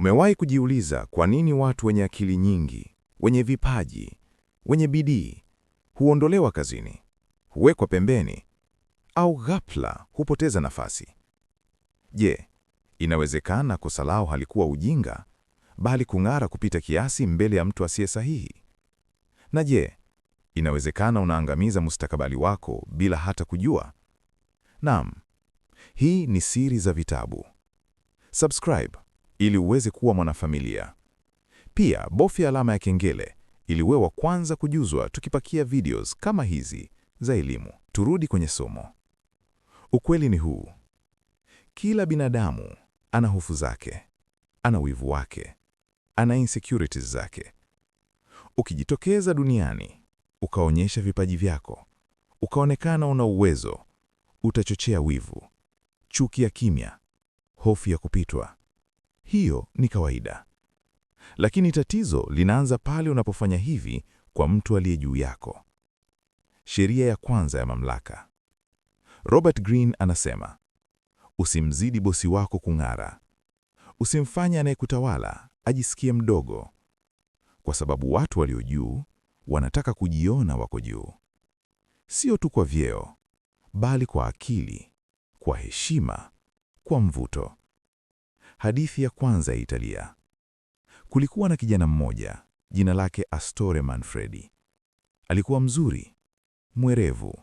Umewahi kujiuliza kwa nini watu wenye akili nyingi, wenye vipaji, wenye bidii huondolewa kazini, huwekwa pembeni au ghafla hupoteza nafasi? Je, inawezekana kosa lao halikuwa ujinga, bali kung'ara kupita kiasi mbele ya mtu asiye sahihi? Na je, inawezekana unaangamiza mustakabali wako bila hata kujua? Naam, hii ni Siri za Vitabu. Subscribe ili uweze kuwa mwanafamilia. Pia bofya alama ya kengele ili uwe wa kwanza kujuzwa tukipakia videos kama hizi za elimu. Turudi kwenye somo. Ukweli ni huu: kila binadamu ana hofu zake, ana wivu wake, ana insecurities zake. Ukijitokeza duniani ukaonyesha vipaji vyako, ukaonekana una uwezo, utachochea wivu, chuki ya kimya, hofu ya kupitwa, hiyo ni kawaida. Lakini tatizo linaanza pale unapofanya hivi kwa mtu aliye juu yako. Sheria ya kwanza ya mamlaka. Robert Greene anasema, usimzidi bosi wako kung'ara. Usimfanye anayekutawala ajisikie mdogo, kwa sababu watu walio juu wanataka kujiona wako juu, sio tu kwa vyeo, bali kwa akili, kwa heshima, kwa mvuto. Hadithi ya kwanza ya Italia. Kulikuwa na kijana mmoja, jina lake Astore Manfredi. Alikuwa mzuri, mwerevu,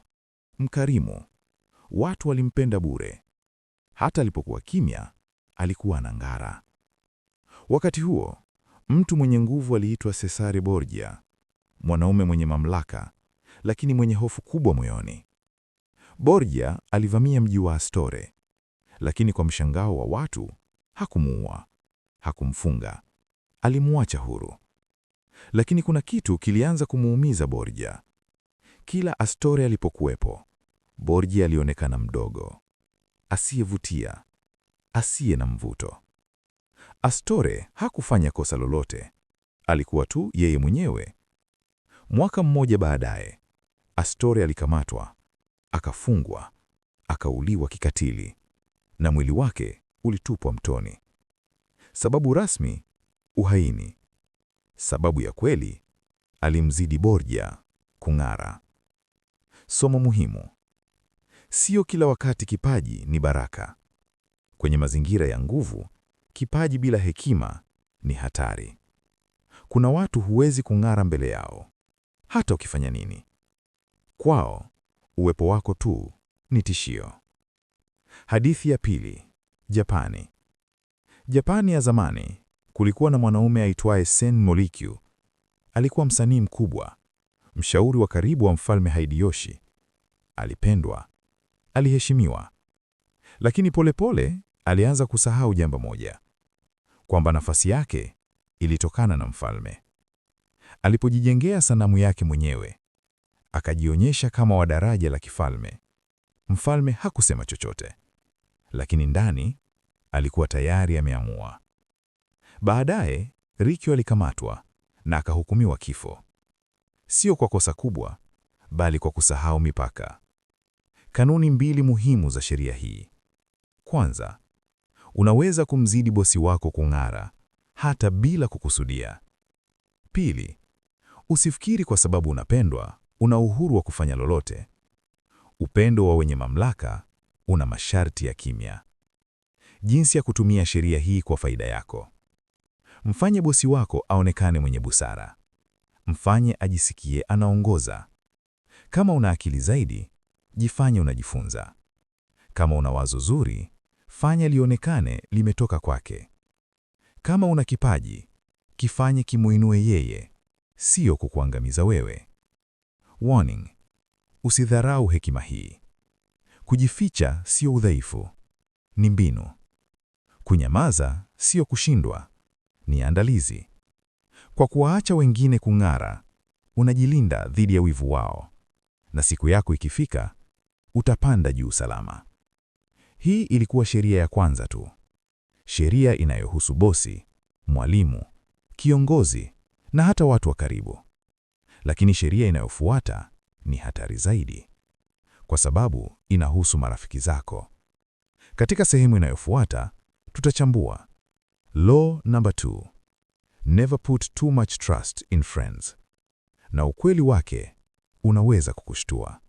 mkarimu. Watu walimpenda bure. Hata alipokuwa kimya, alikuwa anang'ara. Wakati huo, mtu mwenye nguvu aliitwa Cesare Borgia, mwanaume mwenye mamlaka, lakini mwenye hofu kubwa moyoni. Borgia alivamia mji wa Astore, lakini kwa mshangao wa watu, Hakumuua, hakumfunga, alimwacha huru. Lakini kuna kitu kilianza kumuumiza Borgia. Kila Astore alipokuwepo, Borgia alionekana mdogo, asiyevutia, asiye na mvuto. Astore hakufanya kosa lolote, alikuwa tu yeye mwenyewe. Mwaka mmoja baadaye, Astore alikamatwa, akafungwa, akauliwa kikatili, na mwili wake ulitupwa mtoni. Sababu rasmi: uhaini. Sababu ya kweli: alimzidi Borgia kung'ara. Somo muhimu: sio kila wakati kipaji ni baraka. Kwenye mazingira ya nguvu, kipaji bila hekima ni hatari. Kuna watu huwezi kung'ara mbele yao, hata ukifanya nini. Kwao uwepo wako tu ni tishio. Hadithi ya pili. Japani. Japani ya zamani kulikuwa na mwanaume aitwaye Sen molikyu Alikuwa msanii mkubwa, mshauri wa karibu wa mfalme Hideyoshi. Alipendwa, aliheshimiwa, lakini polepole pole, alianza kusahau jambo moja, kwamba nafasi yake ilitokana na mfalme. Alipojijengea sanamu yake mwenyewe, akajionyesha kama wa daraja la kifalme, mfalme hakusema chochote lakini ndani alikuwa tayari ameamua. Baadaye Rikyo alikamatwa na akahukumiwa kifo, sio kwa kosa kubwa, bali kwa kusahau mipaka. Kanuni mbili muhimu za sheria hii. Kwanza, unaweza kumzidi bosi wako kung'ara hata bila kukusudia. Pili, usifikiri kwa sababu unapendwa una uhuru wa kufanya lolote. Upendo wa wenye mamlaka una masharti ya kimya. Jinsi ya kutumia sheria hii kwa faida yako: mfanye bosi wako aonekane mwenye busara, mfanye ajisikie anaongoza. Kama una akili zaidi, jifanye unajifunza. Kama una wazo zuri, fanya lionekane limetoka kwake. Kama una kipaji, kifanye kimuinue yeye, sio kukuangamiza wewe. Warning: usidharau hekima hii. Kujificha sio udhaifu, ni mbinu. Kunyamaza sio kushindwa, ni andalizi. Kwa kuwaacha wengine kung'ara, unajilinda dhidi ya wivu wao, na siku yako ikifika, utapanda juu salama. Hii ilikuwa sheria ya kwanza tu, sheria inayohusu bosi, mwalimu, kiongozi na hata watu wa karibu. Lakini sheria inayofuata ni hatari zaidi kwa sababu inahusu marafiki zako. Katika sehemu inayofuata tutachambua law number two, never put too much trust in friends, na ukweli wake unaweza kukushtua.